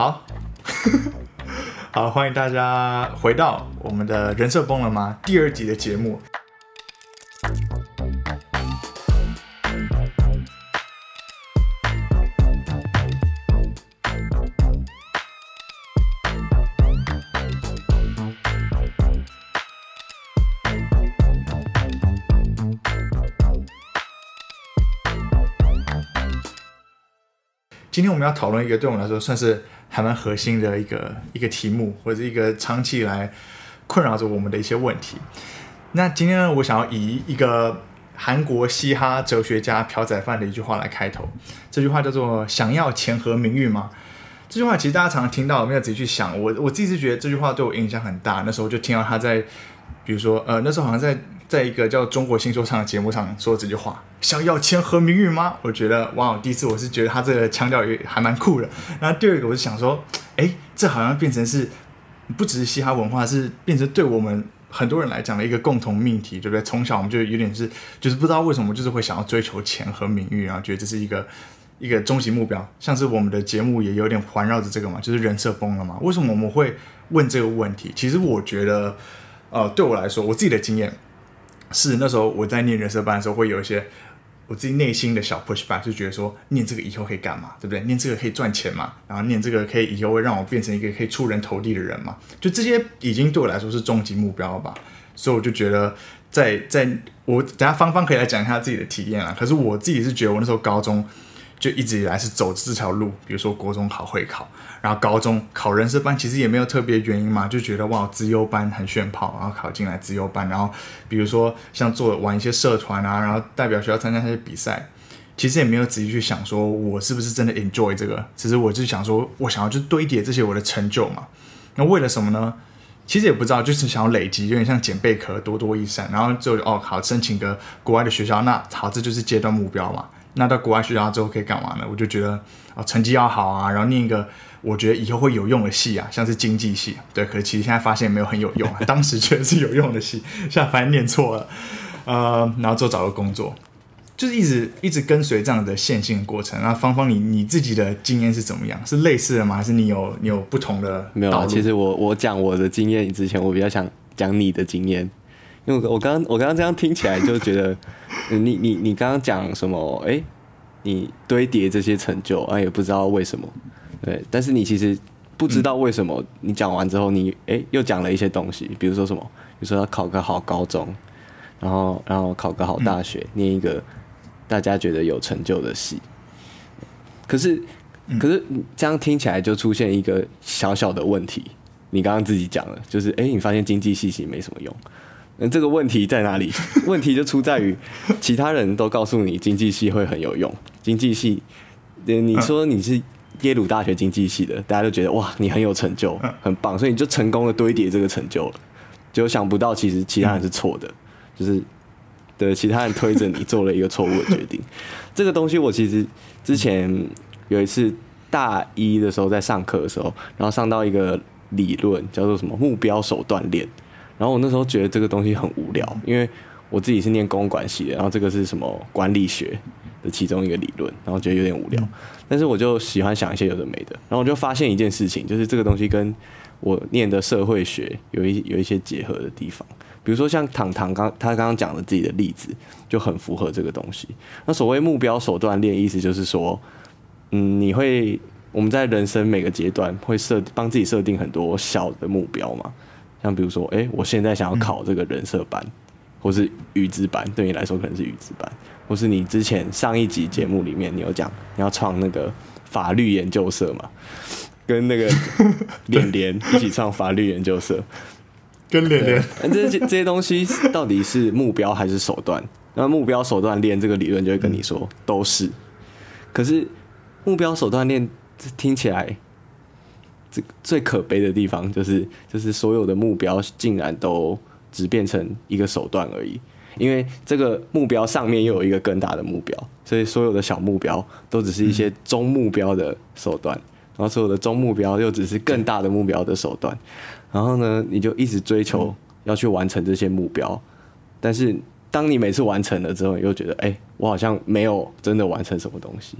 好， 好，歡迎大家回到我們的人設崩了嗎？第二集的節目。今天我們要討論一個對我們來說算是。還蠻核心的一個一個題目，或者是一個長期以來困擾着我們的一些問題。那今天呢，我想要以一個韓國嘻哈哲學家朴宰範的一句話來開頭。這句話叫做“想要錢和名譽嗎？”這句話其實大家常常聽到，沒有仔細去想。我我自己是覺得這句話對我影響很大。那時候就聽到他在，比如說，呃，那時候好像在。在一個叫《中國新說唱》的節目上說這句話：“想要錢和名譽嗎？”我覺得，哇，第一次我是覺得他這個腔調也還蠻酷的。然後第二個，我是想說，哎，這好像變成是，不只是嘻哈文化，是變成對我們很多人來講的一個共同命題，對不對？從小我們就有點是，就是不知道為什麼，就是會想要追求錢和名譽，然後覺得這是一個一個終極目標。像是我們的節目也有點環繞着這個嘛，就是人設崩了嘛。為什麼我們會問這個問題？其實我覺得，呃，對我來說，我自己的經驗。是那時候我在念人社班的時候，會有一些我自己內心的小 pushback，就覺得說念這個以後可以幹嘛，對不對？念這個可以賺錢嘛？然後念這個可以以後會讓我變成一個可以出人頭地的人嘛？就這些已經對我來說是終極目標了吧。所以我就覺得在，在在我等下方方可以來講一下自己的體驗啊。可是我自己是覺得我那時候高中。就一直以來是走這條路，比如說，國中考會考，然後高中考人事班，其實也沒有特別原因嘛，就覺得哇，資優班很炫炮，然後考進來資優班，然後比如說像做玩一些社團啊，然後代表學校參加一些比賽，其實也沒有仔細去想說我是不是真的 enjoy 這個，只是我就想說我想要去堆疊這些我的成就嘛，那為了什麼呢？其實也不知道，就是想要累積，有點像撿貝殼，多多益善，然後最後就哦好，申請個國外的學校，那好，這就是階段目標嘛。那到國外去然後之後可以幹嘛呢？我就覺得啊，成績要好啊。然後念一個，我覺得以後會有用的系啊，像是經濟系。對，可是其實現在發現沒有很有用，啊，當時覺得是有用的系， 現在反而念錯了。呃，然後之後找個工作，就是一直一直跟隨這樣的線性的過程。那芳芳，你你自己的經驗是怎麼樣？是類似的嗎？還是你有你有不同的？沒有，啊，其實我我講我的經驗之前，我比較想講你的經驗。因為我剛剛我剛剛這樣聽起來就覺得，你你你剛剛講什麼？哎、欸，你堆疊這些成就啊，也不知道為什麼。對，但是你其實不知道為什麼你講完之後你，你誒、嗯欸、又講了一些東西，比如說什麼，比如說要考個好高中，然後然後考個好大學，嗯、念一個大家覺得有成就的系。可是可是這樣聽起來就出現一個小小的問題，你剛剛自己講了，就是哎、欸，你發現經濟系其實沒什麼用。那這個問題在哪裡？問題就出在於，其他人都告訴你經濟系會很有用，經濟系，你說你是耶魯大學經濟系的，大家都覺得哇，你很有成就，很棒，所以你就成功的堆疊這個成就了，就想不到其實其他人是錯的，嗯、就是，對，其他人推着你做了一個錯誤的決定。嗯、這個東西我其實之前有一次大一的時候在上課的時候，然後上到一個理論叫做什麼目標手段鏈。然後我那時候覺得這個東西很無聊，因為我自己是念公共關係的，然後這個是什麼管理學的其中一個理論，然後覺得有點無聊。但是我就喜歡想一些有的沒的，然後我就發現一件事情，就是這個東西跟我念的社會學有一有一些結合的地方。比如說像糖糖剛他剛剛講的自己的例子，就很符合這個東西。那所謂目標手段鏈意思就是說，嗯，你會我們在人生每個階段會設幫自己設定很多小的目標嘛？像比如說，誒、欸，我現在想要考這個人設班，嗯、或是語資班，對你來說可能是語資班，或是你之前上一集節目裡面你，你有講你要創那個法律研究社嘛？跟那個連連一起創法律研究社，嗯、對跟連連，這、欸、這些東西到底是目標還是手段？那目標手段鏈這個理論就會跟你說都是，可是目標手段鏈聽起來。這最可悲的地方就是，就是所有的目標竟然都只變成一個手段而已，因為這個目標上面又有一個更大的目標，所以所有的小目標都只是一些中目標的手段，然後所有的中目標又只是更大的目標的手段，然後呢，你就一直追求要去完成這些目標，但是當你每次完成了之後，你又覺得，哎，我好像沒有真的完成什麼東西。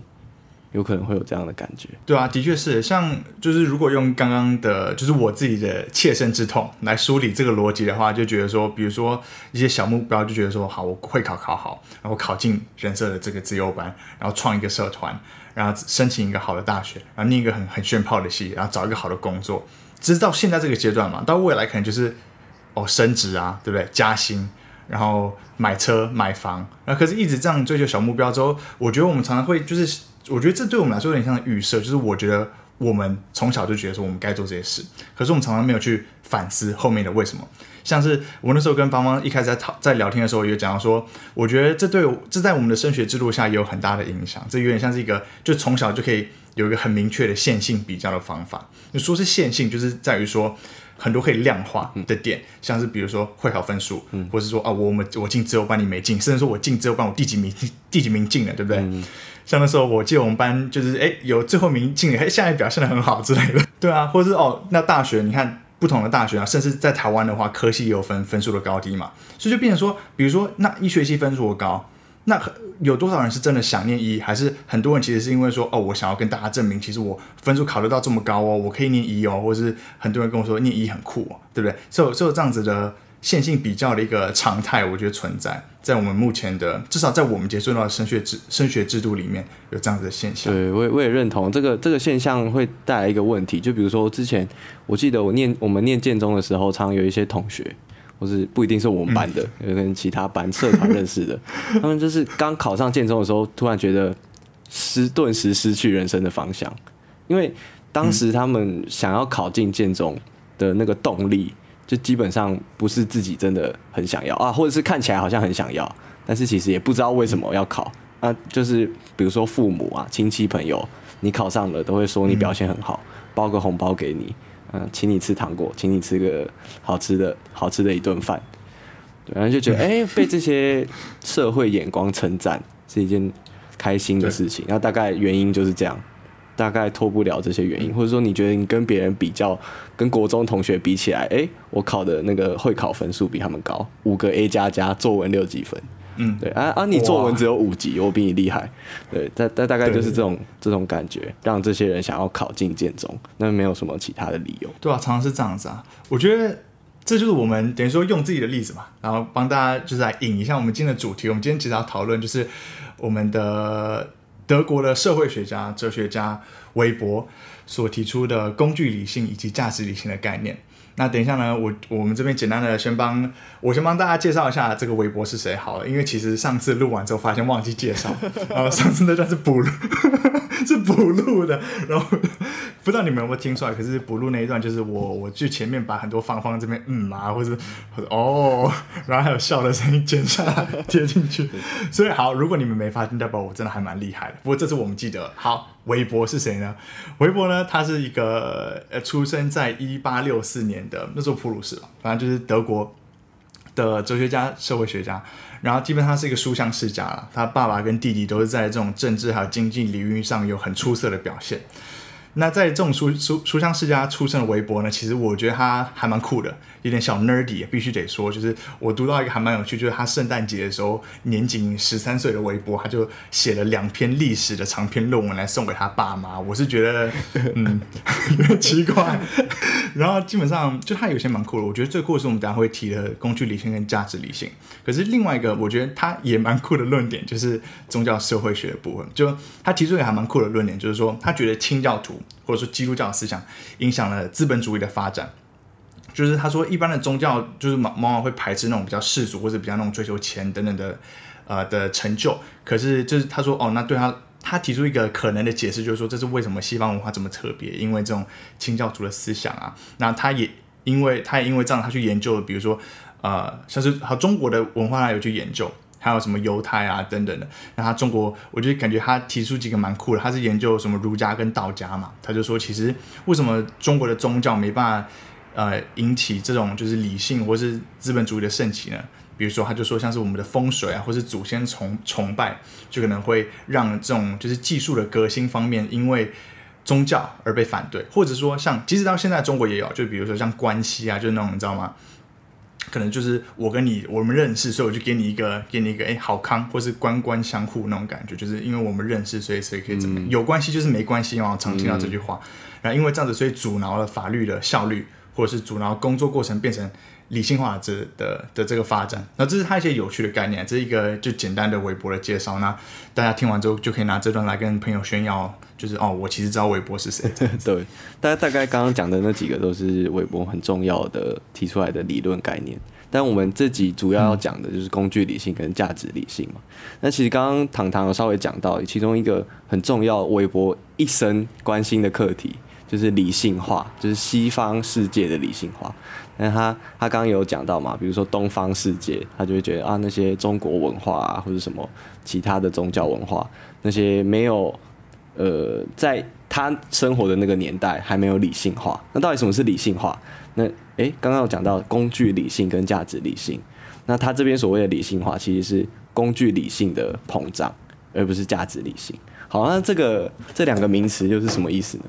有可能會有這樣的感覺，對啊，的確是像，就是如果用剛剛的，就是我自己的切身之痛來梳理這個邏輯的話，就覺得說，比如說一些小目標，就覺得說好，我會考考好，然後考進人社的這個自由班，然後創一個社團，然後申請一個好的大學，然後念一個很很炫炮的系，然後找一個好的工作，直到現在這個階段嘛，到未來可能就是哦升職啊，對不對？加薪，然後買車買房，那可是一直這樣追求小目標之後，我覺得我們常常會就是。我覺得這對我們來說有點像預設，就是我覺得我們從小就覺得說我們該做這些事，可是我們常常沒有去反思後面的為什麼。像是我那時候跟方方一開始在討在聊天的時候，也講到說，我覺得這對這在我們的升學制度下也有很大的影響，這有點像是一個就從小就可以有一個很明確的線性比較的方法。你說是線性，就是在於說。很多可以量化的點，像是比如說會考分數，嗯、或是說啊、哦，我們我進資優班你沒進，甚至說我進資優班我第幾名，第幾名進了，對不對？嗯、像那時候我記得我們班就是誒、欸，有最後一名進了，誒、欸，現在表現得很好之類的，對啊。或是哦，那大學你看不同的大學啊，甚至在台灣的話，科系也有分分數的高低嘛，所以就變成說，比如說那醫學系分數高，那有多少人是真的想念醫？還是很多人其實是因為說哦，我想要跟大家證明，其實我分數考得到這麼高哦，我可以念醫哦，或者是很多人跟我說念醫很酷，哦，對不對？所以所以這樣子的線性比較的一個常態，我覺得存在在我們目前的，至少在我們接觸到的升學制升學制度裡面，有這樣子的現象。對，我也我也認同這個這個現象會帶來一個問題，就比如說之前我記得我念我們念建中的時候，常常有一些同學。或是不一定是我們班的，嗯、跟其他班社團認識的， 他們就是剛考上建中的時候，突然覺得失，頓時失去人生的方向，因為當時他們想要考進建中的那個動力，就基本上不是自己真的很想要啊，或者是看起來好像很想要，但是其實也不知道為什麼要考啊，就是比如說父母啊、親戚朋友，你考上了都會說你表現很好，包個紅包給你。嗯，請你吃糖果，請你吃個好吃的好吃的一頓飯，然後就覺得哎對、欸，被這些社會眼光稱讚是一件開心的事情。對然後大概原因就是這樣，大概脫不了這些原因，或者說你覺得你跟別人比較，跟國中同學比起來，哎、欸，我考的那個會考分數比他們高，五個 A 加加，作文六幾分。嗯，對啊啊！你作文只有五級，哇我比你厲害。對，大大大概就是這種對這種感覺，讓這些人想要考進建中，那沒有什麼其他的理由。對啊，常常是這樣子啊。我覺得這就是我們等於說用自己的例子嘛，然後幫大家就是來引一下我們今天的主題。我們今天其實要討論就是我們的德國的社會學家、哲學家韋伯所提出的工具理性以及價值理性的概念。那等一下呢，我我們這邊簡單的先幫，我先幫大家介紹一下這個韋伯是誰好了。因為其實上次錄完之後，發現忘記介紹，然後上次那段是補錄， 是補錄的。然後不知道你們有沒有聽出來，可是補錄那一段就是我我去前面把很多方方這邊嗯啊，或者是，或是哦，然後還有笑的聲音剪下來貼進去。所以好，如果你們沒發現，代表我真的還蠻厲害的。不過這次我們記得，好。韋伯是誰呢？韋伯呢，他是一個，呃，出生在一八六四年的，那時候普魯士吧，反正就是德國的哲學家、社會學家。然後，基本上他是一個書香世家，他爸爸跟弟弟都是在這種政治還有經濟領域上有很出色的表現。那在這種書書書香世家出身的韋伯呢，其實我覺得他還蠻酷的，有點小 nerdy，也必須得說，就是我讀到一個還蠻有趣，就是他聖誕節的時候，年僅十三歲的韋伯，他就寫了兩篇歷史的長篇論文來送給他爸媽。我是覺得，嗯， 有點奇怪。然後基本上就他有些蠻酷的，我覺得最酷的是我們等下會提的工具理性跟價值理性。可是另外一個我覺得他也蠻酷的論點，就是宗教社會學的部分，就他提出一個還蠻酷的論點，就是說他覺得清教徒。或者說基督教的思想影響了資本主義的發展，就是他說一般的宗教就是往往會排斥那種比較世俗或者比較那種追求錢等等的，呃的成就。可是就是他說哦，那對他，他提出一個可能的解釋，就是說這是為什麼西方文化這麼特別，因為這種清教徒的思想啊。那他也因為他也因為這樣，他去研究，比如說呃像是和中國的文化有去研究。還有什麼猶太啊等等的，那他中國，我就感覺他提出幾個蠻酷的。他是研究什麼儒家跟道家嘛，他就說其實為什麼中國的宗教沒辦法呃引起這種就是理性或是資本主義的盛行呢？比如說他就說像是我們的風水啊，或是祖先崇崇拜，就可能會讓這種就是技術的革新方面因為宗教而被反對，或者說像即使到現在中國也有，就比如說像關係啊，就那種你知道嗎？可能就是我跟你我們，認識，所以我就給你一個給你一個哎、欸、好康，或是官官相護那種感覺，就是因為我們認識，所以所以可以怎麼樣？嗯、有關係就是沒關係哦，因為我常聽到這句話。嗯、然後因為這樣子，所以阻撓了法律的效率，或者是阻撓了工作過程變成。理性化的這的的這個發展，那這是他一些有趣的概念，這是一個就簡單的韋伯的介紹，那大家聽完之後就可以拿這段來跟朋友炫耀，就是哦，我其實知道韋伯是誰。 對，大家大概剛剛講的那幾個都是韋伯很重要的 提出來的理論概念，但我們自己主要要講的就是工具理性跟價值理性嘛。嗯、那其實剛剛糖糖有稍微講到，其中一個很重要，韋伯一生關心的課題就是理性化，就是西方世界的理性化。那他他剛剛有講到嘛，比如說東方世界，他就會覺得啊，那些中國文化啊，或者什麼其他的宗教文化，那些沒有呃，在他生活的那個年代還沒有理性化。那到底什麼是理性化？那誒，剛剛有講到工具理性跟價值理性，那他這邊所謂的理性化其實是工具理性的膨脹，而不是價值理性。好，那這個這兩個名詞又是什麼意思呢？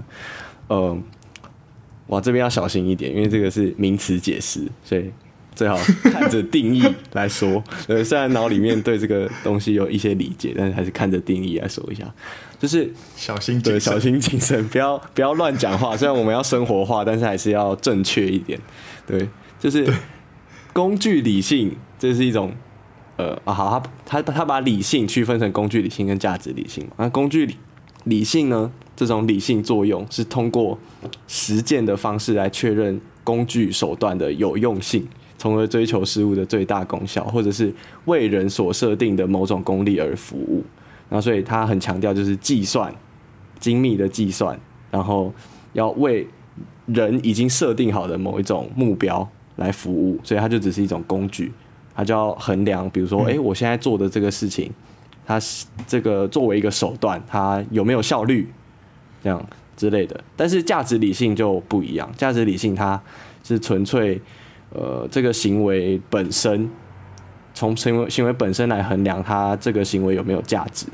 呃。哇，這邊要小心一點，因為這個是名詞解釋，所以最好看着定義來說。呃， 雖然腦裡面對這個東西有一些理解，但是還是看着定義來說一下。就是小心謹慎，對，小心謹慎，不要不要亂講話。 雖然我們要生活化，但是還是要正確一點。對，就是對工具理性，這是一種呃、啊，好，他他他把理性區分成工具理性跟價值理性嘛。那、啊、工具理、理性呢？這種理性作用是通過實踐的方式來確認工具手段的有用性，從而追求事物的最大功效，或者是為人所設定的某種功利而服務。然後，所以他很強調就是計算，精密的計算，然後要為人已經設定好的某一種目標來服務。所以，它就只是一種工具，它就要衡量，比如說，欸，誒我現在做的這個事情，它是這個作為一個手段，它有沒有效率？這樣之類的，但是價值理性就不一樣。價值理性它是純粹，呃，這個行為本身，從行為行為本身來衡量它這個行為有沒有價值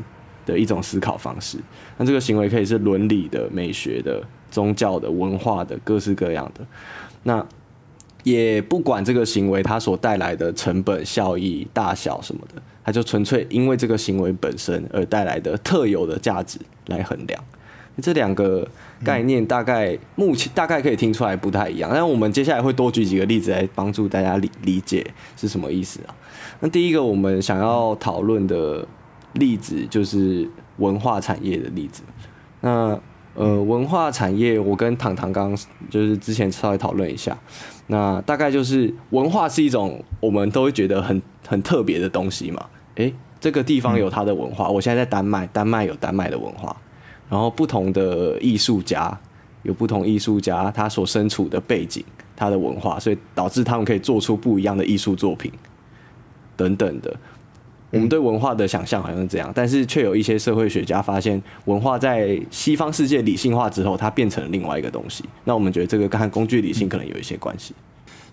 的一種思考方式。那這個行為可以是倫理的、美學的、宗教的、文化的，各式各樣的。那也不管這個行為它所帶來的成本、效益、大小什麼的，它就純粹因為這個行為本身而帶來的特有的價值來衡量。這兩個概念大概目前大概可以聽出來不太一樣，但我們接下來會多舉幾個例子來幫助大家理理解是什麼意思啊。那第一個我們想要討論的例子就是文化產業的例子。那呃，文化產業我跟糖糖剛就是之前稍微討論一下，那大概就是文化是一種我們都會覺得很很特別的東西嘛。誒，這個地方有它的文化，我現在在丹麥，丹麥有丹麥的文化。然後不同的藝術家有不同藝術家，他所身處的背景，他的文化，所以導致他們可以做出不一樣的藝術作品等等的。我們對文化的想象好像是這樣，但是卻有一些社會學家發現，文化在西方世界理性化之後，它變成了另外一個東西。那我們覺得這個跟工具理性可能有一些關係。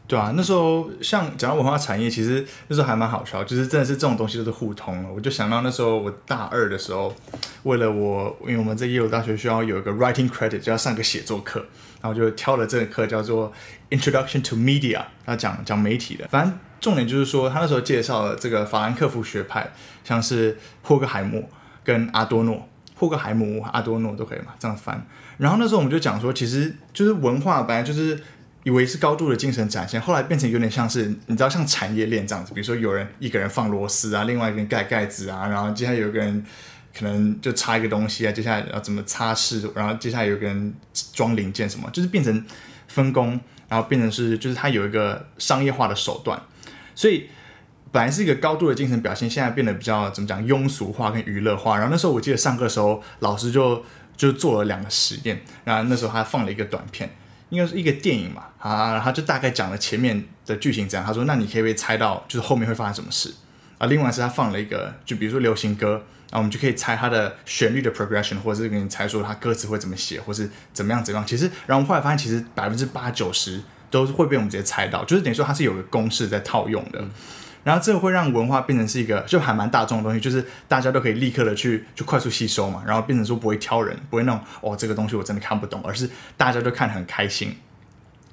對啊，那時候像講到文化產業，其實那時候還蠻好笑，就是真的是這種東西都是互通的。我就想到那時候我大二的時候，為了我，因為我們在耶魯大學需要有一個 writing credit，就要上個寫作課，然後就挑了這個課叫做 Introduction to Media，他講講媒體的。反正重點就是說，他那時候介紹了這個法蘭克福學派，像是霍克海默跟阿多諾，霍克海姆、阿多諾都可以嘛，這樣翻。然後那時候我們就講說，其實就是文化本來就是。以為是高度的精神展現，後來變成有點像是你知道，像產業鏈這樣子，比如說有人一個人放螺絲啊，另外一個人蓋蓋子啊，然後接下來有個人可能就插一個東西啊，接下來要怎麼擦拭，然後接下來有個人裝零件什麼，就是變成分工，然後變成是就是它有一個商業化的手段，所以本來是一個高度的精神表現，現在變得比較怎麼講庸俗化跟娛樂化。然後那時候我記得上課的時候，老師就就做了兩個實驗，然後那時候還放了一個短片。因為是一個電影嘛，啊，他就大概講了前面的劇情怎樣。他說：“那你可以被猜到，就是後面會發生什麼事。”啊，另外是他放了一個，就比如說流行歌，啊，我們就可以猜它的旋律的 progression，或者是給你猜說他歌詞會怎麼寫，或者是怎麼樣怎麼樣。其實，然後我們後來發現，其實百分之八九十都是會被我們直接猜到，就是等於說它是有個公式在套用的。嗯然後這個會讓文化變成是一個就還蠻大眾的東西，就是大家都可以立刻的去就快速吸收嘛，然後變成說不會挑人，不會那種哦這個東西我真的看不懂，而是大家都看得很開心。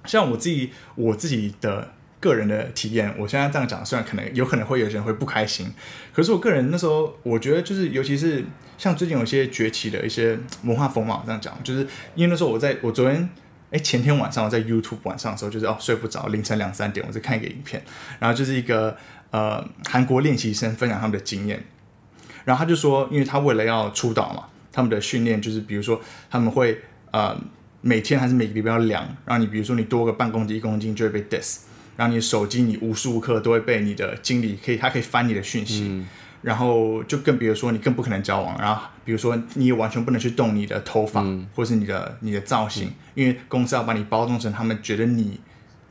像我自己，我自己的個人的體驗，我現在這樣講，雖然可能有可能會有些人會不開心，可是我個人那時候我覺得就是，尤其是像最近有一些崛起的一些文化風貌，這樣講，就是因為那時候我在我昨天哎前天晚上我在 YouTube 晚上的時候就是哦睡不着，凌晨兩三點我在看一個影片，然後就是一個。呃，韓國練習生分享他們的經驗，然後他就說，因為他為了要出道嘛，他們的訓練就是，比如說他們會呃每天還是每個禮拜要量，讓你比如說你多個半公斤一公斤就會被 diss，然後你手機你無時無刻都會被你的經理可以他可以翻你的訊息，嗯、然後就更比如說你更不可能交往，然後比如說你也完全不能去動你的頭髮、嗯、或是你的你的造型，嗯、因為公司要把你包裝成他們覺得你。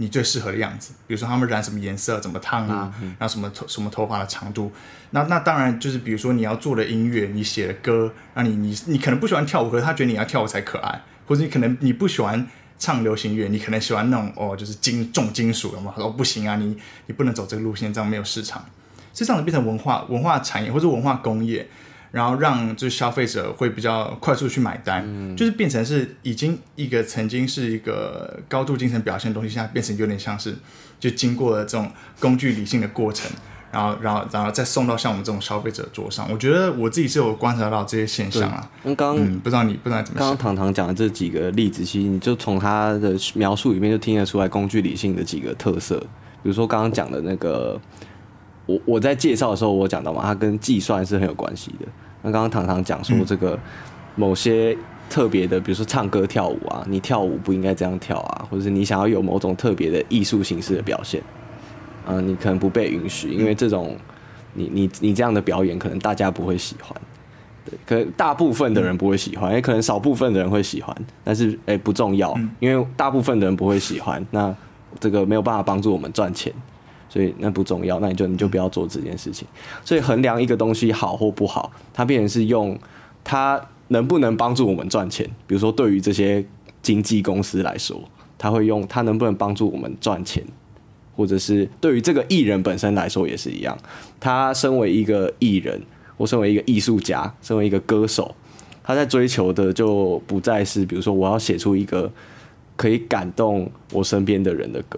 你最適合的樣子，比如說他們染什麼顏色，怎麼燙啊，嗯嗯、然後什麼頭什麼頭髮的長度，那那當然就是比如說你要做的音樂，你寫的歌，那、啊、你你你可能不喜歡跳舞，可是他覺得你要跳舞才可愛，或者你可能你不喜歡唱流行樂，你可能喜歡那種哦就是金重金屬的嘛，他、哦、說不行啊，你你不能走這個路線，這樣沒有市場，就這樣子變成文化文化產業或者文化工業。然後讓就是消費者會比較快速去買單，嗯、就是變成是已經一個曾經是一個高度精神表現的東西，現在變成有點像是就經過了這種工具理性的過程，然後然後然後再送到像我們這種消費者的桌上。我覺得我自己是有觀察到這些現象啊。那、嗯、剛剛、嗯、不知道你不知道怎麼，剛剛糖糖講的這幾個例子，其實你就從他的描述裡面就聽得出來工具理性的幾個特色，比如說剛剛講的那個。我我在介紹的時候我，我講到嘛，它跟計算是很有關係的。那剛剛糖糖講說，這個某些特別的，比如說唱歌跳舞啊，你跳舞不應該這樣跳啊，或者是你想要有某種特別的藝術形式的表現，嗯、啊，你可能不被允許，因為這種你你你這樣的表演可能大家不會喜歡，對，可能大部分的人不會喜歡，也、嗯欸、可能少部分的人會喜歡，但是哎、欸、不重要，因為大部分的人不會喜歡，那這個沒有辦法幫助我們賺錢。所以那不重要，那你就你就不要做這件事情。所以衡量一個東西好或不好，它必然是用它能不能幫助我們賺錢。比如說，對於這些經紀公司來說，他會用他能不能幫助我們賺錢；或者是對於這個藝人本身來說也是一樣。他身為一個藝人，我身為一個藝術家，身為一個歌手，他在追求的就不再是，比如說我要寫出一個可以感動我身邊的人的歌。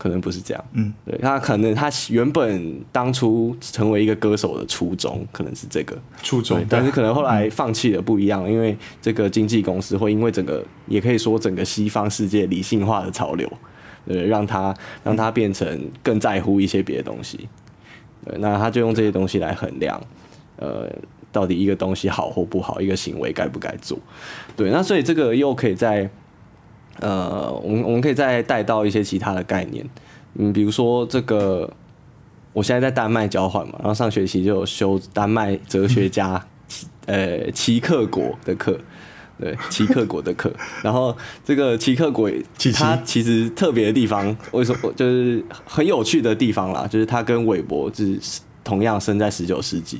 可能不是這樣，嗯，對，他可能他原本當初成為一個歌手的初衷，可能是這個初衷，對，但是可能後來放棄了不一樣，嗯，因為這個經紀公司會因為整個，也可以說整個西方世界理性化的潮流，對，讓他讓他變成更在乎一些別的東西，對，那他就用這些東西來衡量，呃，到底一個東西好或不好，一個行為該不該做，對，那所以這個又可以在。呃，我們我們可以再帶到一些其他的概念，嗯，比如說這個，我現在在丹麥交換嘛，然後上學期就有修丹麥哲學家，呃、 欸，齊克果的課，對，齊克果的課，然後這個齊克果他 其實特別的地方，為什麼就是很有趣的地方啦，就是他跟韋伯就是同樣生在十九世紀，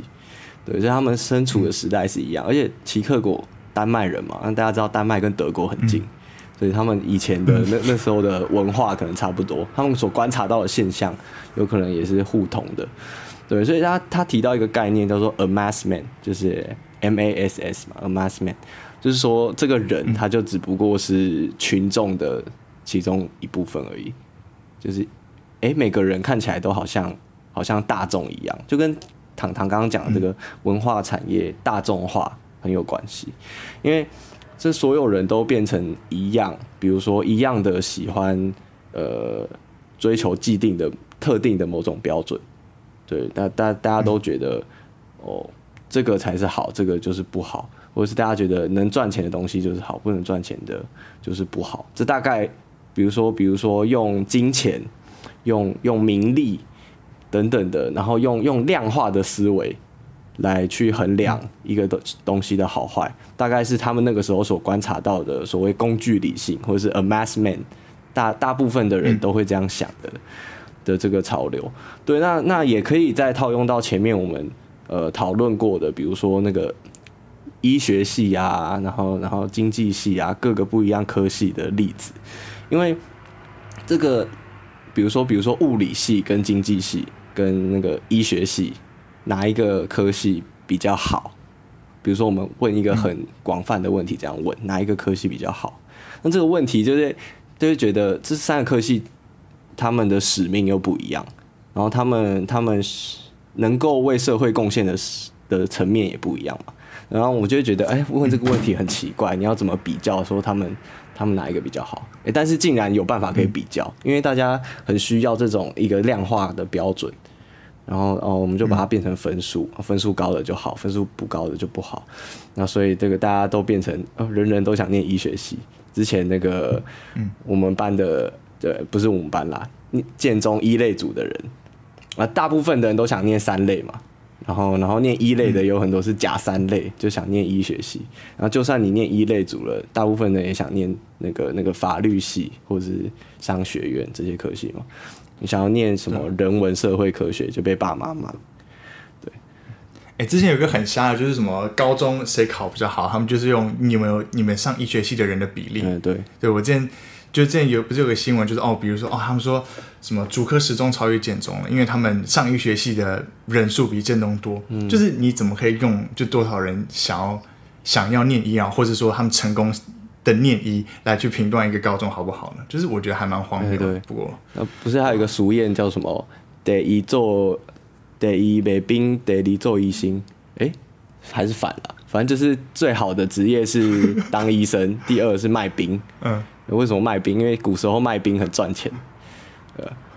對，就他們身處的時代是一樣，嗯、而且齊克果丹麥人嘛，讓大家知道丹麥跟德國很近。嗯所以他們以前的那那時候的文化可能差不多， 他們所觀察到的現象有可能也是互通的。對，所以他他提到一個概念叫做、就是、a mass man，就是 M A S S 嘛，a mass man，就是說這個人他就只不過是群眾的其中一部分而已。就是，哎、欸，每個人看起來都好像好像大眾一樣，就跟糖糖剛剛講的這個文化產業、嗯、大眾化很有關係，因為。這所有人都變成一樣，比如說一樣的喜歡，呃，追求既定的特定的某種標準，對，那大家，大家，大家都覺得，哦，這個才是好，這個就是不好，或者是大家覺得能賺錢的東西就是好，不能賺錢的就是不好。這大概，比如說，比如說用金錢，用用名利等等的，然後用用量化的思維。來去衡量一個東東西的好壞，大概是他們那個時候所觀察到的所謂工具理性，或者是 a "Mass-man"，大大部分的人都會這樣想的的這個潮流。對，那那也可以再套用到前面我們呃討論過的，比如說那個醫學系啊，然後然後經濟系啊，各個不一樣科系的例子，因為這個比如說比如說物理系跟經濟系跟那個醫學系。哪一個科系比較好？比如說，我們問一個很廣泛的問題，這樣問哪一個科系比較好？那這個問題就是，就是覺得這三個科系他們的使命又不一樣，然後他們他們能夠為社會貢獻的的層面也不一樣嘛。然後我就會覺得，哎、欸，問這個問題很奇怪，你要怎麼比較說他們他們哪一個比較好？哎、欸，但是竟然有辦法可以比較，因為大家很需要這種一個量化的標準。然後哦，我們就把它變成分數，嗯、分數高的就好，分數不高的就不好。那所以這個大家都變成，哦、人人都想念醫學系。之前那個，我們班的，嗯、對，不是我們班啦，建中一類組的人，啊，大部分的人都想念三類嘛。然後，然後念一類的有很多是假三類，嗯、就想念醫學系。然後就算你念一類組了，大部分人也想念那個那個法律系或者是商學院這些科系嘛。你想要念什麼人文社會科學對就被爸媽罵，對。哎、欸，之前有個很瞎的，就是什麼高中誰考比較好，他們就是用你們你們上醫學系的人的比例。欸、對對，我之前就之前有不是有個新聞，就是哦，比如說哦，他們說什麼竹科實中超越建中了，因為他們上醫學系的人數比建中多。嗯，就是你怎麼可以用就多少人想要想要念醫啊，或者說他們成功。的念一來去評斷一個高中好不好呢？就是我覺得還蠻荒謬的。不過對對對，那不是還有一個俗諺叫什麼？得醫做，得醫賣冰，得醫做醫生」欸。哎，還是反了、啊。反正就是最好的職業是當醫生， 第二是賣冰。嗯，為什麼賣冰？因為古時候賣冰很賺錢。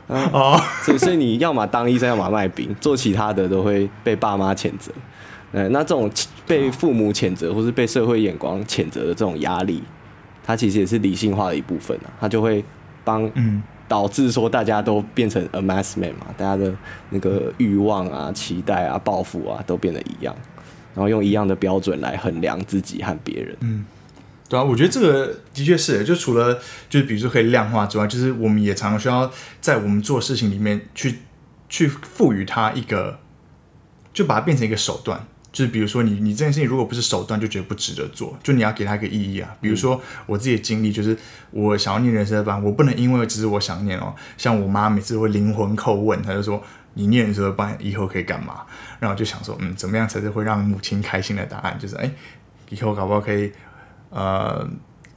嗯，哦，所以你要嘛當醫生，要嘛賣冰，做其他的都會被爸媽譴責。呃、欸，那這種被父母譴責，或是被社會眼光譴責的這種壓力，它其實也是理性化的一部分啊。它就會幫導致說大家都變成 a mass man 嘛，大家的那個慾望啊、期待啊、抱負啊，都變得一樣，然後用一樣的標準來衡量自己和別人。嗯，對啊，我覺得這個的確是，就除了就是比如說可以量化之外，就是我們也常常需要在我們做的事情裡面去去賦予它一個，就把它變成一個手段。就是比如說你，你這件事情如果不是手段就覺得不值得做，就你要給他一個意義啊。比如說我自己的經歷，就是我想要念人生的班，嗯、我不能因為只是我想念哦。像我媽每次會靈魂叩問，她就說你念人生的班以後可以幹嘛？然後就想說，嗯，怎麼樣才是會讓母親開心的答案？就是誒、欸，以後搞不好可以呃。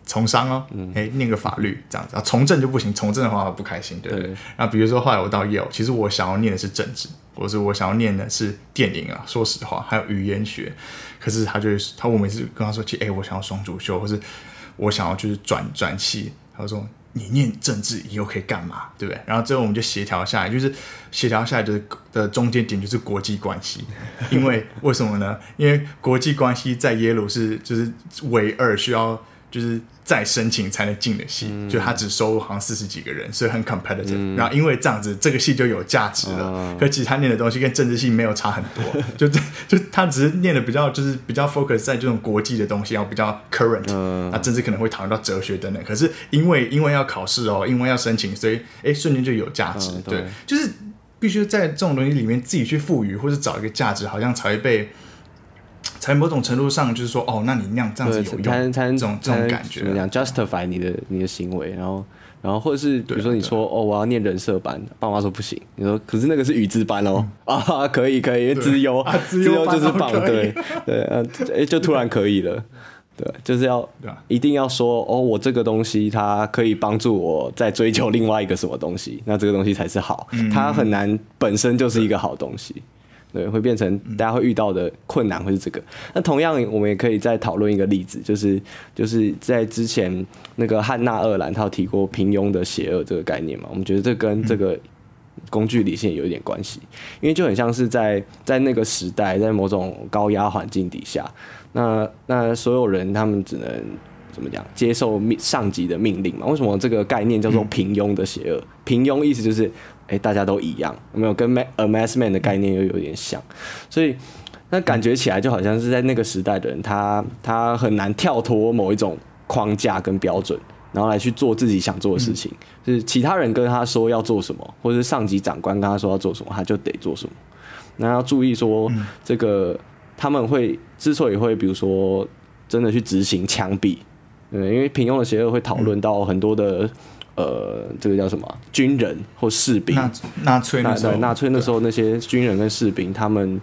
從商哦，哎、嗯，念個法律這樣子啊，從政就不行，從政的話不開心，對不對？對。然後比如說後來我到耶魯，其實我想要念的是政治，或者是我想要念的是電影啊，說實話，還有語言學。可是他就是他，我每次跟他說，其實，哎，我想要雙主修，或是我想要就是轉轉系。他說你念政治以後可以幹嘛？對不對？然後最後我們就協調下來，就是協調下來的的中間點就是國際關係，因為 為什麼呢？因為國際關係在耶魯是就是唯二需要就是。再申請才能進的系，嗯、就他只收入好像四十幾個人，所以很 competitive。嗯。然後因為這樣子，這個系就有價值了。嗯、可其實他念的東西跟政治系沒有差很多， 就就他只是念的比較就是比較 focus 在這種國際的東西，然後比較 current，啊、嗯，那政治可能會討論到哲學等等。可是因為因為要考試哦，因為要申請，所以哎，瞬間就有價值。嗯、對，對，就是必須在這種東西裡面自己去賦予或者找一個價值，好像才會被。在某種程度上，就是說，哦，那你那樣這樣子有用？才能這種這種感覺，這樣？justify 你的你的行為，然後然後或者是比如說你說，哦，我要念人設班，爸媽說不行。你說，可是那個是語資班哦，啊，可以可以，資優，資優就是棒，對對，嗯，就突然可以了，對，就是要一定要說，哦，我這個東西它可以幫助我再追求另外一個什麼東西，那這個東西才是好，它很難本身就是一個好東西。對，會變成大家會遇到的困難，會是這個。那同樣，我們也可以再討論一個例子，就是就是在之前那個漢納鄂蘭他提過“平庸的邪惡”這個概念嘛。我們覺得這跟這個工具理性有一點關係，因為就很像是在在那個時代，在某種高壓環境底下，那那所有人他們只能怎麼講，接受命上級的命令嘛。為什麼這個概念叫做“平庸的邪惡”？嗯、平庸意思就是。誒、欸，大家都一樣，有沒有跟《A Mass-man》的概念又有點像？所以那感覺起來就好像是在那個時代的人，他他很難跳脫某一種框架跟標準，然後來去做自己想做的事情。就是其他人跟他說要做什麼，或者是上級長官跟他說要做什麼，他就得做什麼。那要注意說，這個他們會之所以會，比如說真的去執行槍斃，對，因為平庸的邪惡會討論到很多的。呃，這個叫什麼？軍人或士兵？納粹？納粹，納粹那時候那些軍人跟士兵，對他們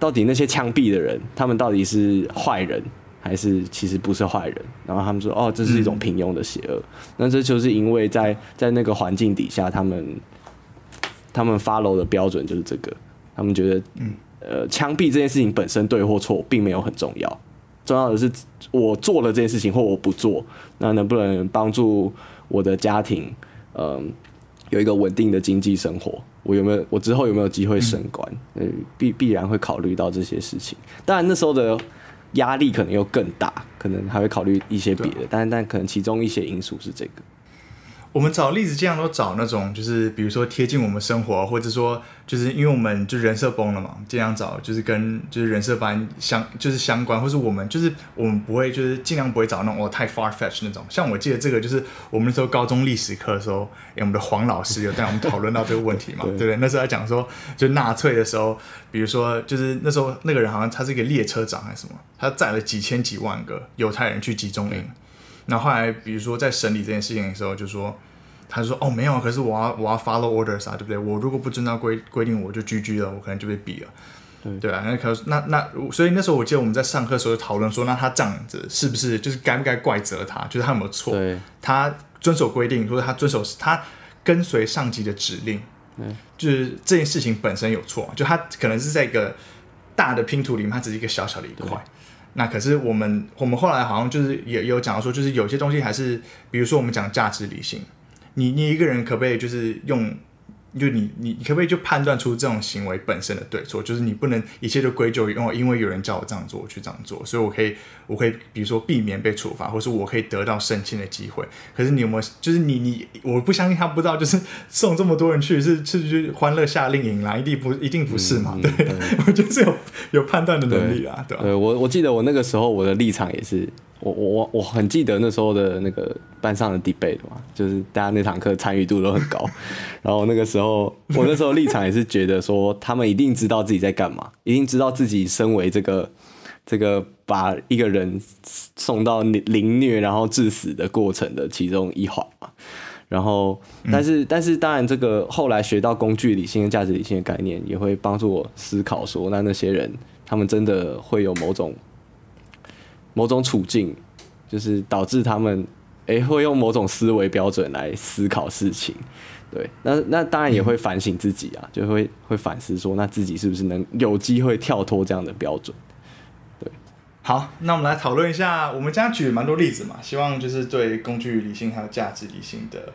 到底那些槍斃的人，他們到底是壞人還是其實不是壞人？然後他們說，哦，這是一種平庸的邪惡。嗯。那這就是因為在在那個環境底下，他們他們 follow 的標準就是這個，他們覺得，嗯，呃，槍斃這件事情本身對或錯，並沒有很重要。重要的是，我做了這件事情或我不做，那能不能幫助我的家庭？嗯，有一個穩定的經濟生活，我有沒有？我之後有沒有機會升官？嗯、嗯，必必然會考慮到這些事情。當然，那時候的壓力可能又更大，可能還會考慮一些別的。啊、但但可能其中一些因素是這個。我們找例子，盡量都找那種，就是比如說貼近我們生活，或者說，就是因為我們就人設崩了嘛，盡量找就是跟就是人設班相就是相關，或是我們就是我們不會就是盡量不會找那種太 far fetch 那種。像我記得這個，就是我們那時候高中歷史課的時候，哎、欸，我們的黃老師有帶我們討論到這個問題嘛， 對不對？那時候他講說，就納粹的時候，比如說就是那時候那個人好像他是一個列車長還是什麼，他載了幾千幾萬個猶太人去集中營。那後,後來，比如說在審理這件事情的時候，就說，他說：“哦，沒有，可是我要我要 follow orders 啊，對不對？我如果不遵照規規定，我就 GG 了，我可能就被斃了，嗯、對吧、啊？那可是那那，所以那時候我記得我們在上課的時候就討論說，那他這樣子是不是就是該不該怪責他？就是他有沒有錯？對他遵守規定，或者他遵守他跟隨上級的指令，嗯、就是這件事情本身有錯，就他可能是在一個大的拼圖裡面，他只是一個小小的一塊。”那可是我們，我們後來好像就是也有講到說，就是有些東西還是，比如說我們講價值理性，你你一個人可不可以就是用就你，你可不可以就判斷出這種行為本身的對錯？就是你不能一切都歸咎於哦，因為有人叫我這樣做，我去這樣做，所以我可以，我可以，比如說避免被處罰，或者是我可以得到升遷的機會。可是你有沒有？就是你，你，我不相信他不知道，就是送這麼多人去是是去歡樂夏令營啦，一定不一定不是嘛？嗯、對，對我就是有有判斷的能力啊，對吧？對，對，我我記得我那個時候我的立場也是。我我我我很記得那時候的那個班上的 debate 嘛，就是大家那堂課參與度都很高，然後那個時候我那時候立場也是覺得說，他們一定知道自己在幹嘛，一定知道自己身為這個這個把一個人送到凌虐、然後致死的過程的其中一環嘛，然後但是、嗯、但是當然這個後來學到工具理性和價值理性的概念，也會幫助我思考說，那那些人他們真的會有某種。某種處境，就是導致他們誒、欸、會用某種思維標準來思考事情，對，那那當然也會反省自己啊，嗯、就會會反思說，那自己是不是能有機會跳脫這樣的標準？對，好，那我們來討論一下，我們今天舉了蠻多例子嘛，希望就是對工具理性還有價值理性的，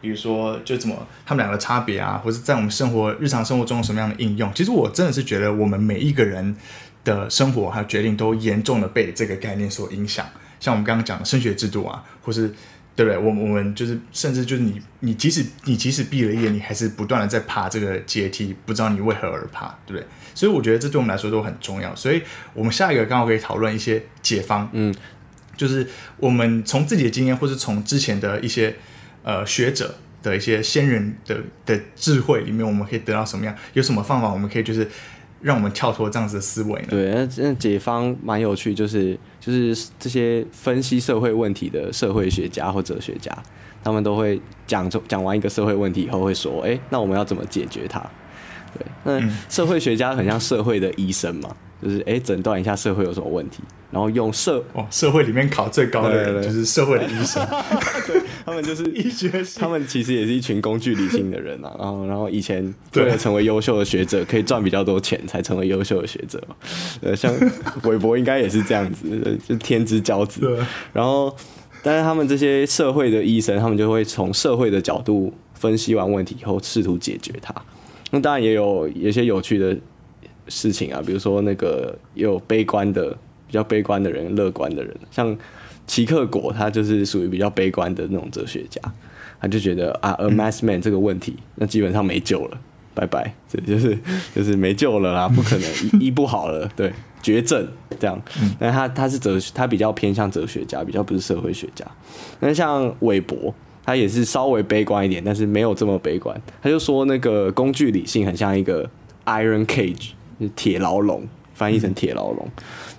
比如說就怎麼他們兩個差別啊，或是在我們生活日常生活中有什麼樣的應用？其實我真的是覺得我們每一個人的生活還有決定都嚴重的被這個概念所影響，像我們剛剛講的升學制度啊，或是對不對？我們我們就是甚至就是你你即使你即使畢了業，你還是不斷的在爬這個階梯，不知道你為何而爬，對不對？所以我覺得這對我們來說都很重要。所以我們下一個剛好可以討論一些解方，嗯，就是我們從自己的經驗，或是從之前的一些呃學者的一些先人的的智慧裡面，我們可以得到什麼樣？有什麼方法我們可以就是？讓我們跳脫這樣子的思維呢？對，那解方蠻有趣，就是就是這些分析社會問題的社會學家或者哲學家，他們都會講就講完一個社會問題以後，會說：“哎、欸，那我們要怎麼解決它？”對，那社會學家很像社會的醫生嘛，就是誒，診、欸、斷一下社會有什麼問題，然後用社哦，社會裡面考最高的人，對對對，就是社會的醫生。 對他們就是醫學，他們其實也是一群工具理性的人嘛、啊。然後，然後以前為了成為優秀的學者，可以賺比較多錢，才成為優秀的學者嘛。呃，像韋伯應該也是這樣子，就天之驕子。然後，但是他們這些社會的醫生，他們就會從社會的角度分析完問題以後，試圖解決它。那當然也有有些有趣的事情啊，比如說那個也有悲觀的、比較悲觀的人，樂觀的人，像。齊克果他就是屬於比較悲觀的那種哲學家，他就覺得啊，a Mass-man 這個問題，那基本上沒救了，拜拜，這就是就是沒救了啦，不可能醫，醫不好了，對，絕症這樣。那他他是哲，他比較偏向哲學家，比較不是社會學家。那像韋伯，他也是稍微悲觀一點，但是沒有這麼悲觀。他就說那個工具理性很像一個 iron cage，鐵牢籠，翻譯成鐵牢籠，嗯，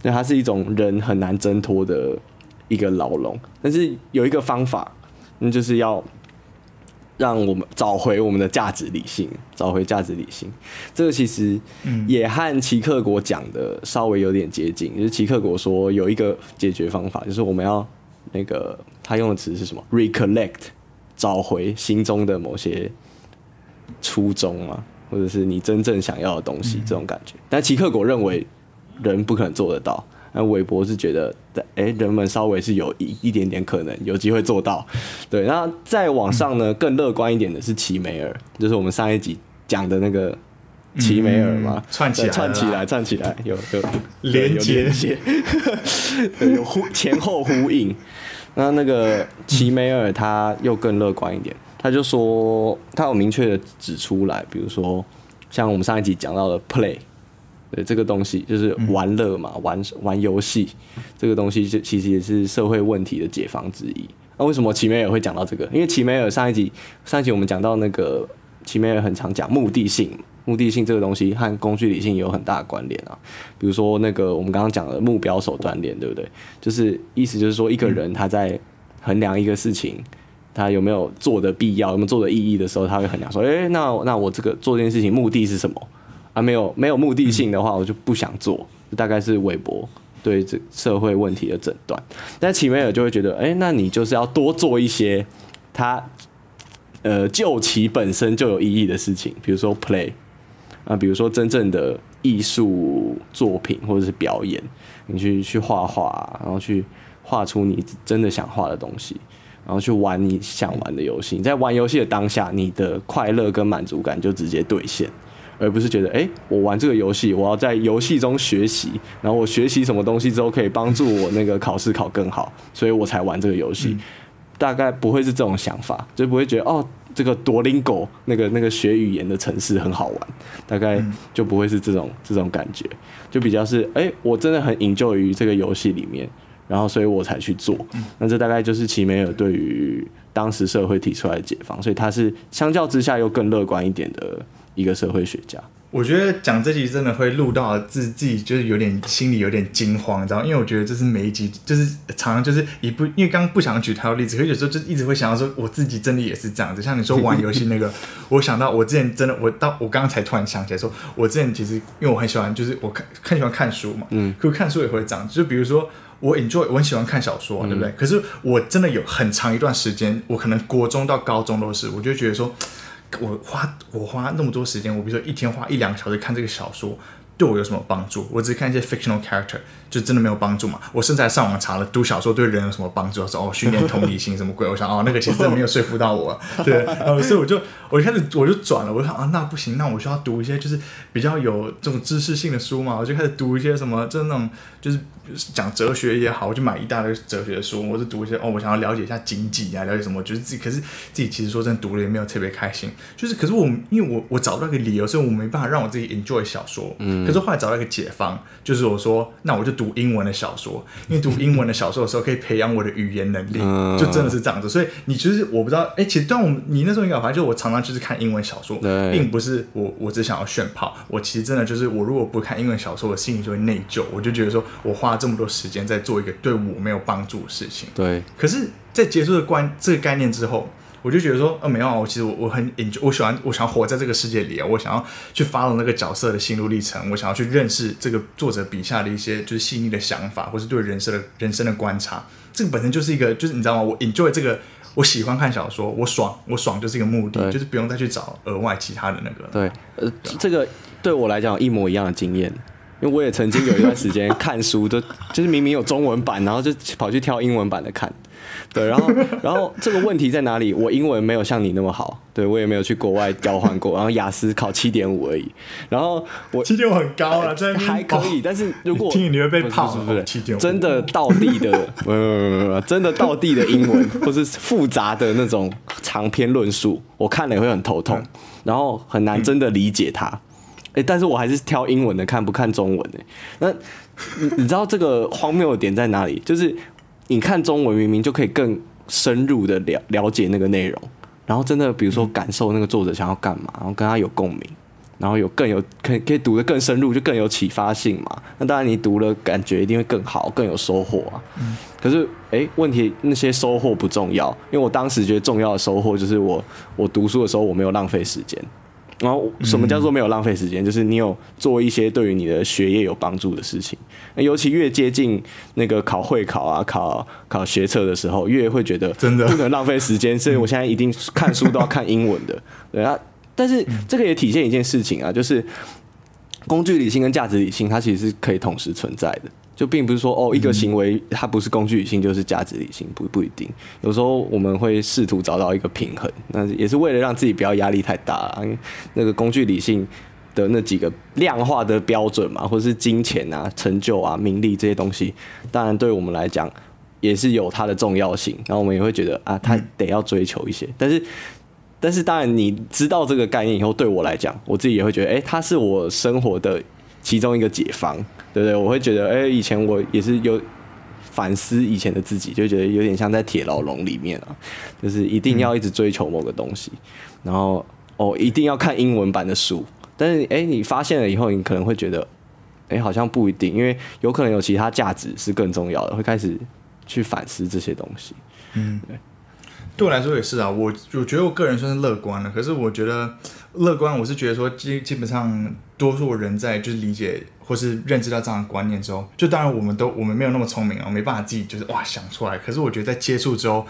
那他是一種人很難掙脫的。一個牢籠，但是有一個方法，那就是要讓我們找回我們的價值理性，找回價值理性。這個其實也和齊克果講的稍微有點接近，就是齊克果說有一個解決方法，就是我們要那個他用的詞是什麼？recollect，找回心中的某些初衷啊，或者是你真正想要的東西、嗯、這種感覺。但齊克果認為人不可能做得到。那韋伯是覺得，哎、欸，人們稍微是有一一點點可能有機會做到，對。那再往上呢，嗯、更樂觀一點的是齊美爾，就是我們上一集講的那個齊美爾嘛，串、嗯、起，起來，串起來，串起來，有有，有連接結， 有前後呼應。嗯、那那個齊美爾他又更樂觀一點，他就說他有明確的指出來，比如說像我們上一集講到的 play。對，這個東西就是玩樂嘛，嗯、玩玩遊戲，這個東西就其實也是社會問題的解方之一。那、啊、為什麼齊美爾會講到這個？因為齊美爾上一集上一集我們講到那個齊美爾很常講目的性，目的性這個東西和工具理性有很大的關聯啊。比如說那個我們剛剛講的目標手段鏈，對不對？就是意思就是說一個人他在衡量一個事情，嗯、他有沒有做的必要，有沒有做的意義的時候，他會衡量說：誒、欸，那那我這個做這件事情目的是什麼？還、啊、沒有沒有目的性的話，我就不想做。嗯、大概是韋伯對這社會問題的診斷，但齊美爾就會覺得，誒、欸，那你就是要多做一些他呃就其本身就有意義的事情，比如說 play 啊，比如說真正的藝術作品或者是表演，你去去畫畫，然後去畫出你真的想畫的東西，然後去玩你想玩的遊戲。你在玩遊戲的當下，你的快樂跟滿足感就直接兌現。而不是覺得哎、欸，我玩這個遊戲，我要在遊戲中學習，然後我學習什麼東西之後可以幫助我那個考試考更好，所以我才玩這個遊戲。嗯、大概不會是這種想法，就不會覺得哦，這個多林狗那個那個學語言的程式很好玩，大概就不會是這種、嗯、這種感覺，就比較是哎、欸，我真的很享受於這個遊戲裡面，然後所以我才去做。那這大概就是齊美爾對於當時社會提出來的解方，所以他是相較之下又更樂觀一點的。一個社會學家，我覺得講這集真的會錄到自自己，就是有點心裡有點驚慌，你知道，因為我覺得這是每一集，就是常常就是一不，因為剛剛不想舉太多例子，可是有時候就一直會想到說，我自己真的也是這樣子。像你說玩遊戲那個， 我想到我之前真的，我到我剛剛才突然想起來說，我之前其實因為我很喜歡，就是我看看,看喜歡看書嘛，嗯，可看書也會這樣。就比如說我 enjoy，我很喜歡看小說，對不對？嗯，可是我真的有很長一段時間，我可能國中到高中都是，我就覺得說。我花我花那麼多時間，我比如說一天花一兩個小時看這個小說，對我有什麼幫助？我只是看一些 fictional character，就真的沒有幫助嘛？我甚至還上網查了，讀小說對人有什麼幫助？說哦，訓練同理心什麼鬼？我想哦，那個其實真的沒有說服到我。 對、嗯，所以我就我就開始我就轉了，我想啊，那不行，那我需要讀一些就是比較有這種知識性的書嘛，我就開始讀一些什麼，就是那種就是。就是講哲學也好，我就買一大堆哲學的書，我是讀一些哦，我想要了解一下經濟啊，了解什麼？我覺得自己可是自己其實說真的，讀了也沒有特別開心。就是可是我，因為我我找不到一個理由，所以我沒辦法讓我自己 enjoy 小說。可是後來找到一個解方，就是我說，那我就讀英文的小說，因為讀英文的小說的時候，可以培養我的語言能力， 就真的是這樣子。所以你其實我不知道，哎、欸，其實當我們你那時候也有發現，就我常常就是看英文小說，並不是我我只想要炫炮。我其實真的就是我如果不看英文小說，我心裡就會內疚，我就覺得說我畫。這麼多時間在做一個對我沒有幫助的事情，對。可是，在接觸的觀這個概念之後，我就覺得說，哦、呃，沒辦法、啊，我其實我我很 enjoy, 我喜歡，我想要活在這個世界裡啊，我想要去發動那個角色的心路歷程，我想要去認識這個作者筆下的一些就是細膩的想法，或是對人生的人生的觀察，這個本身就是一個，就是你知道嗎？我 enjoy 這個，我喜歡看小說，我爽，我爽就是一個目的，對就是不用再去找額外其他的那個。對，對呃，這個對我來講一模一樣的經驗。因為我也曾經有一段時間看書就，都 就是明明有中文版，然後就跑去挑英文版的看，對，然後然後這個問題在哪裡？我英文沒有像你那麼好，對我也沒有去國外交換過，然後雅思考七點五而已，然後我七點五很高了，真還可以，但是如果你聽你會被砲是，是不是？七九真的道地的，沒有沒有沒有沒有真的道地的英文，或是複雜的那種長篇論述，我看了也會很頭痛，嗯、然後很難真的理解它。嗯誒、欸，但是我還是挑英文的看，不看中文的。欸，那你你知道這個荒謬的點在哪裡？就是你看中文明明就可以更深入的了了解那個內容，然後真的比如說感受那個作者想要幹嘛，然後跟他有共鳴，然後有更有可以可以讀得更深入，就更有啟發性嘛。那當然你讀了感覺一定會更好，更有收穫啊。可是，誒、欸，問題那些收穫不重要，因為我當時覺得重要的收穫就是我我讀書的時候我沒有浪費時間。然後，什麼叫做沒有浪費時間？就是你有做一些對於你的學業有幫助的事情。尤其越接近那個考會考啊、考考學測的時候，越會覺得真的不能浪費時間。所以我現在一定看書都要看英文的。對啊，但是這個也體現一件事情啊，就是工具理性跟價值理性，它其實是可以同時存在的。就並不是說哦，一個行為它不是工具理性就是價值理性，不，不一定。有時候我們會試圖找到一個平衡，那也是為了讓自己不要壓力太大。那個工具理性的那幾個量化的標準嘛，或者是金錢啊、成就啊、名利這些東西，當然對我們來講也是有它的重要性。然後我們也會覺得啊，它得要追求一些。但是，但是當然，你知道這個概念以後，對我來講，我自己也會覺得，誒，它是我生活的。其中一個解方，對不對？我會覺得，哎、欸，以前我也是有反思以前的自己，就覺得有點像在鐵牢籠裡面啊，就是一定要一直追求某個東西，嗯、然後哦，一定要看英文版的書。但是，哎、欸，你發現了以後，你可能會覺得，哎、欸，好像不一定，因為有可能有其他價值是更重要的，會開始去反思這些東西。嗯。對。對我來說也是啊，我我覺得我個人算是樂觀的。可是我覺得樂觀，我是覺得說，基基本上多數人在就是理解或是認知到這樣的觀念之後，就當然我們都我們沒有那麼聰明啊，我沒辦法自己就是哇，想出來。可是我覺得在接觸之後，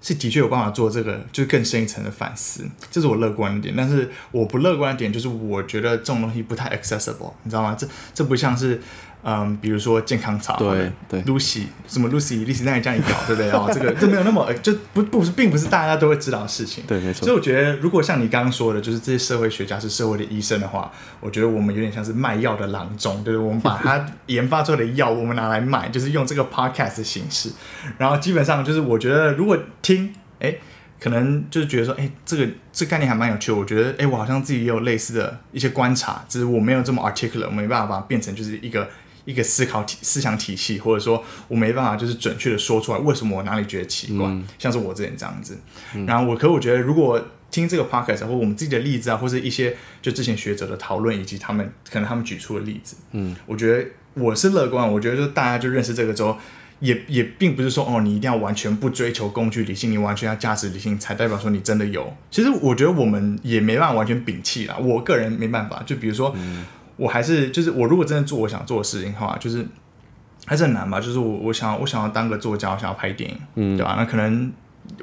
是的確有辦法做這個，就是更深一層的反思，這是我樂觀一點。但是我不樂觀的點就是，我覺得這種東西不太 accessible，你知道嗎？這這不像是。嗯，比如說健康草，對對，Lucy 什麼 Lucy Lucy 那樣講一講，對不對？然後這個就沒有那麼，就不不並不是大家都會知道的事情。對，沒錯。所以我覺得，如果像你剛剛說的，就是這些社會學家是社會的醫生的話，我覺得我們有點像是賣藥的郎中，就是我們把它研發出來的藥，我們拿來賣， 就是用這個 podcast 的形式。然後基本上就是，我覺得如果聽，欸、可能就是覺得說，哎、欸，這個這個、概念還蠻有趣。我覺得，哎、欸，我好像自己也有類似的一些觀察，只、就是我沒有這麼 articulate，我沒辦法把它變成就是一個。一個思考體、思想體系，或者說，我沒辦法就是準確的說出來，為什麼我哪裡覺得奇怪，嗯、像是我之前這樣子。嗯、然後我，可我覺得，如果聽這個 podcast、啊、或我們自己的例子啊，或是一些就之前學者的討論，以及他們可能他們舉出的例子，嗯，我覺得我是樂觀。我覺得，就是大家就認識這個之後，也也並不是說，哦，你一定要完全不追求工具理性，你完全要價值理性，才代表說你真的有。其實我覺得我們也沒辦法完全摒棄啦，我個人沒辦法，就比如說。嗯我還是就是我，如果真的做我想做的事情的話，就是還是很難吧。就是我，我想我想要當個作家，我想要拍電影，嗯，對吧？那可能。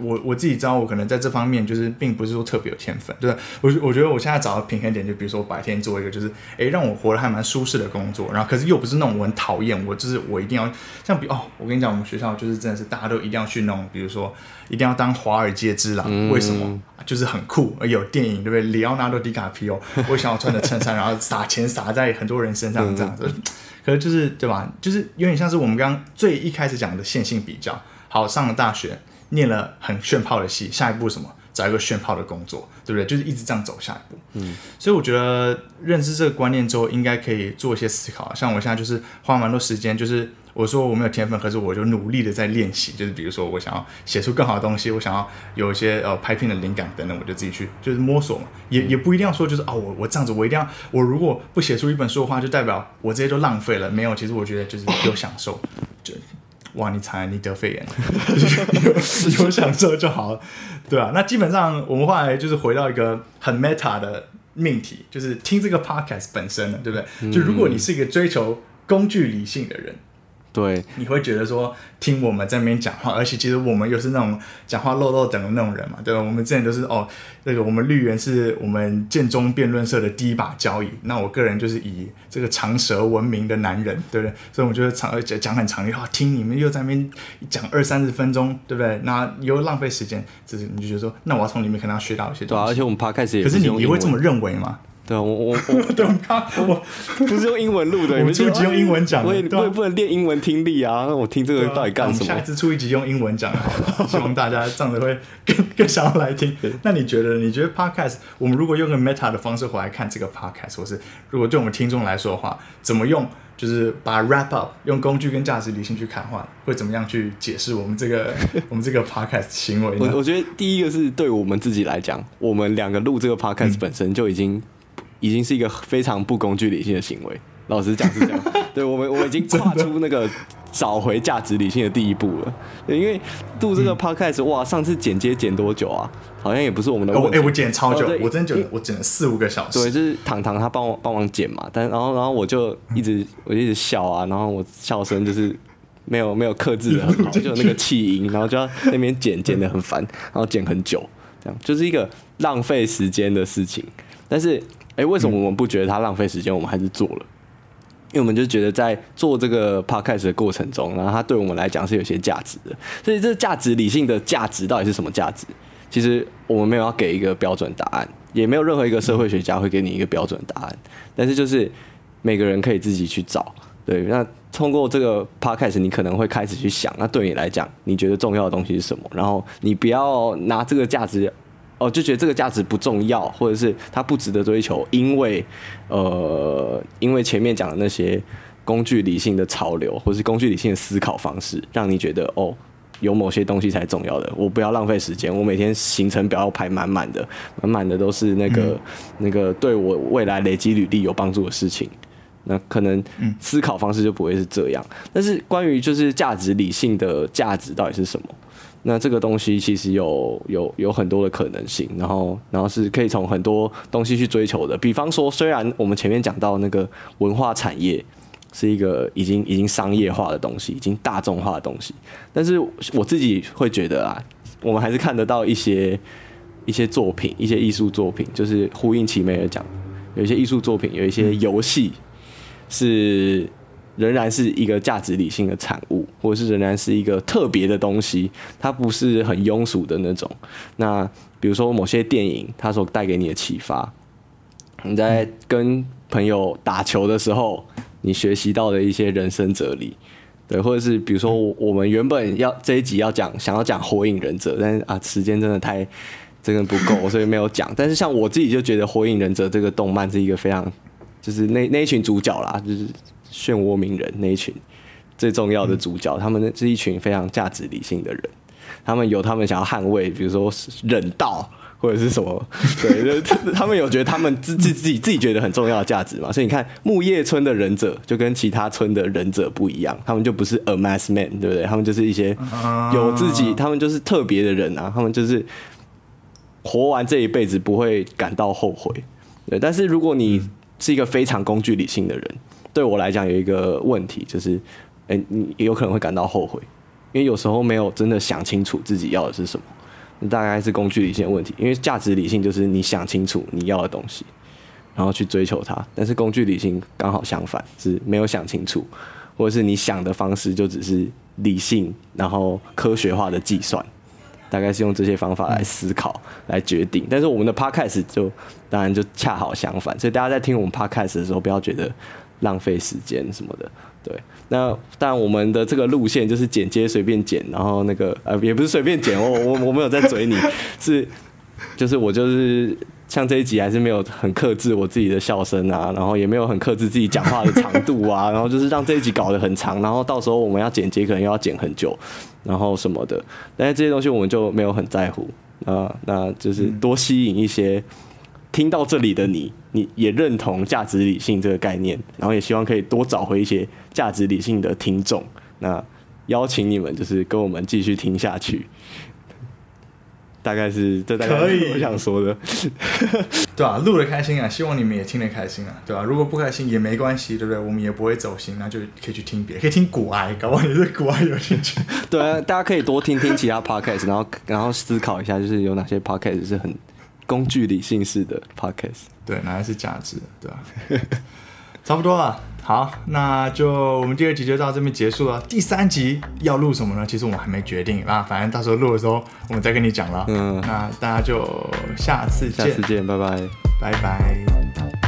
我我自己知道，我可能在這方面就是並不是說特別有天分。就是我我覺得我現在找到平衡點，就比如說我白天做一個就是哎讓我活得還蠻舒適的工作，然後可是又不是那種我很討厭，我就是我一定要像比哦，我跟你講，我們學校就是真的是大家都一定要去那種，比如說一定要當華爾街之狼。嗯、為什麼？就是很酷，而有電影對不對？里奧納多·迪卡皮奧我想要穿的襯衫， 然後撒錢撒在很多人身上這樣子。嗯、可是就是對吧？就是有點像是我們剛剛最一開始講的線性比較好上了大學。念了很炫炮的戲，下一步什麼？找一個炫炮的工作，對不對？就是一直這樣走，下一步。嗯，所以我覺得認識這個觀念之後，應該可以做一些思考啊。像我現在就是花蠻多時間，就是我說我沒有天分，可是我就努力的在練習。就是比如說我想要寫出更好的東西，我想要有一些呃拍片的靈感等等，我就自己去就是摸索嘛。也也不一定要說就是哦，我我這樣子，我一定要我如果不寫出一本書的話，就代表我這些都浪費了。沒有，其實我覺得就是有享受，哦。就。哇，你慘，你得肺炎了， 有享受就好了，對啊，那基本上我們後來就是回到一個很 meta 的命題，就是聽這個 podcast 本身呢，對不對？嗯、就如果你是一個追求工具理性的人。對，你會覺得說聽我們在那邊講話，而且其實我們又是那種講話落落長的那種人嘛，對吧？我們之前都、就是哦，這、那個我們綠園是我們建中辯論社的第一把交椅。那我個人就是以這個長舌聞名的男人，對不對？所以我覺得長講講很長的話，聽你們又在那邊講二三十分鐘，對不對？那又浪費時間，就是你就覺得說，那我要從裡面可能要學到一些東西。對、啊，而且我們 podcast 也可是你你會這麼認為嗎？對啊，我我，懂他。我不是用英文錄的，我們初集用英文講，我也我也不能練英文聽力啊。那我聽這個到底幹什麼？下一次初一集用英文講好了，希望大家這樣子會更更想要來聽。那你覺得？你覺得 podcast 我們如果用個 meta 的方式回來看這個 podcast，或是如果對我們聽眾來說的話，怎麼用？就是把 wrap up 用工具跟價值理性去看話，會怎麼樣去解釋我們這個我們這個 podcast 行為？我我覺得第一個是，對我們自己來講，我們兩個錄這個 podcast 本身就已經。已經是一個非常不工具理性的行為。老實講是這樣， 對我們我已經跨出那個找回價值理性的第一步了。對，因為錄這個 Podcast，、嗯、哇，上次剪接剪多久啊？好像也不是我們的問題。題、哦欸、我剪超久，哦、我真的覺得、欸、我剪了四五個小時。對，就是糖糖他幫我幫忙剪嘛，但然後然後我就一直、嗯、我一直笑啊，然後我笑聲就是沒有 沒有克制的，很好，就就那個氣音，然後就要那邊剪剪的很煩，然後剪很久，這樣就是一個浪費時間的事情，但是。誒、欸，為什麼我們不覺得它浪費時間？嗯、我們還是做了，因為我們就是覺得在做這個 podcast 的過程中，然後它對我們來講是有些價值的。所以這，這個價值理性的價值到底是什麼價值？其實我們沒有要給一個標準答案，也沒有任何一個社會學家會給你一個標準答案。嗯、但是，就是每個人可以自己去找。對，那通過這個 podcast，你可能會開始去想，那對你來講，你覺得重要的東西是什麼？然後，你不要拿這個價值。哦，就覺得這個價值不重要，或者是它不值得追求，因為，呃，因為前面講的那些工具理性的潮流，或是工具理性的思考方式，讓你覺得哦，有某些東西才重要的，我不要浪費時間，我每天行程表要排滿滿的，滿滿的都是那個、嗯、那個對我未來累積履歷有幫助的事情，那可能思考方式就不會是這樣。但是關於就是價值理性的價值到底是什麼？那這個東西其實有有有很多的可能性，然後然後是可以從很多東西去追求的。比方說，雖然我們前面講到那個文化產業是一個已經已經商業化的東西，已經大眾化的東西，但是我自己會覺得啊，我們還是看得到一些一些作品，一些藝術作品，就是呼應齊美爾講，有一些藝術作品，有一些遊戲是。仍然是一個價值理性的產物，或者是仍然是一個特別的東西，它不是很庸俗的那種。那比如說某些電影，它所帶給你的啟發，你在跟朋友打球的時候，你學習到的一些人生哲理，對，或者是比如說我們原本要這一集要講，想要講《火影忍者》，但是啊，時間真的太真的不夠，所以沒有講。 但是像我自己就覺得，《火影忍者》這個動漫是一個非常，就是那那一群主角啦，就是。漩渦鳴人那一群最重要的主角，嗯、他們是一群非常價值理性的人，他們有他們想要捍衛，比如說忍道或者是什麼，對， 他們有覺得他們自自自己自己覺得很重要的價值嘛？所以你看，木葉村的忍者就跟其他村的忍者不一樣，他們就不是 a mass man，對不對？他們就是一些有自己，他們就是特別的人啊，他們就是活完這一輩子不會感到後悔。對，但是如果你是一個非常工具理性的人。對我來講有一個問題，就是，誒、欸，你也有可能會感到後悔，因為有時候沒有真的想清楚自己要的是什麼，大概是工具理性的問題。因為價值理性就是你想清楚你要的東西，然後去追求它。但是工具理性剛好相反，是沒有想清楚，或者是你想的方式就只是理性，然後科學化的計算，大概是用這些方法來思考、嗯、來決定。但是我們的 Podcast 就當然就恰好相反，所以大家在聽我們 Podcast 的時候，不要覺得。浪費時間什麼的，對。那但，我們的這個路線就是剪接隨便剪，然後那個呃也不是隨便剪哦，我我沒有在嘴，你，是就是我就是像這一集還是沒有很克制我自己的笑聲啊，然後也沒有很克制自己講話的長度啊，然後就是讓這一集搞得很長，然後到時候我們要剪接可能又要剪很久，然後什麼的，但是這些東西我們就沒有很在乎啊，那就是多吸引一些。聽到這裡的你，你也認同價值理性這個概念，然後也希望可以多找回一些價值理性的聽眾。那邀請你們就是跟我們繼續聽下去。大概是這可以我想說的，可以 對吧、啊？錄的開心啊，希望你們也聽得開心啊，對吧、啊？如果不開心也沒關係，對不對？我們也不會走心，那就可以去聽別，可以聽股癌，搞不好你對股癌有興趣。 對、啊，大家可以多聽聽其他 podcast， 然後然後思考一下，就是有哪些 podcast 是很。工具理性式的 Podcast，對，那一是價值，對吧？ 差不多了，好，那就我們第二集就到這邊結束了。第三集要錄什麼呢？其實我們還沒決定，啊。反正到時候錄的時候，我們再跟你講了。嗯，那大家就下次見，下次見，拜拜，拜拜。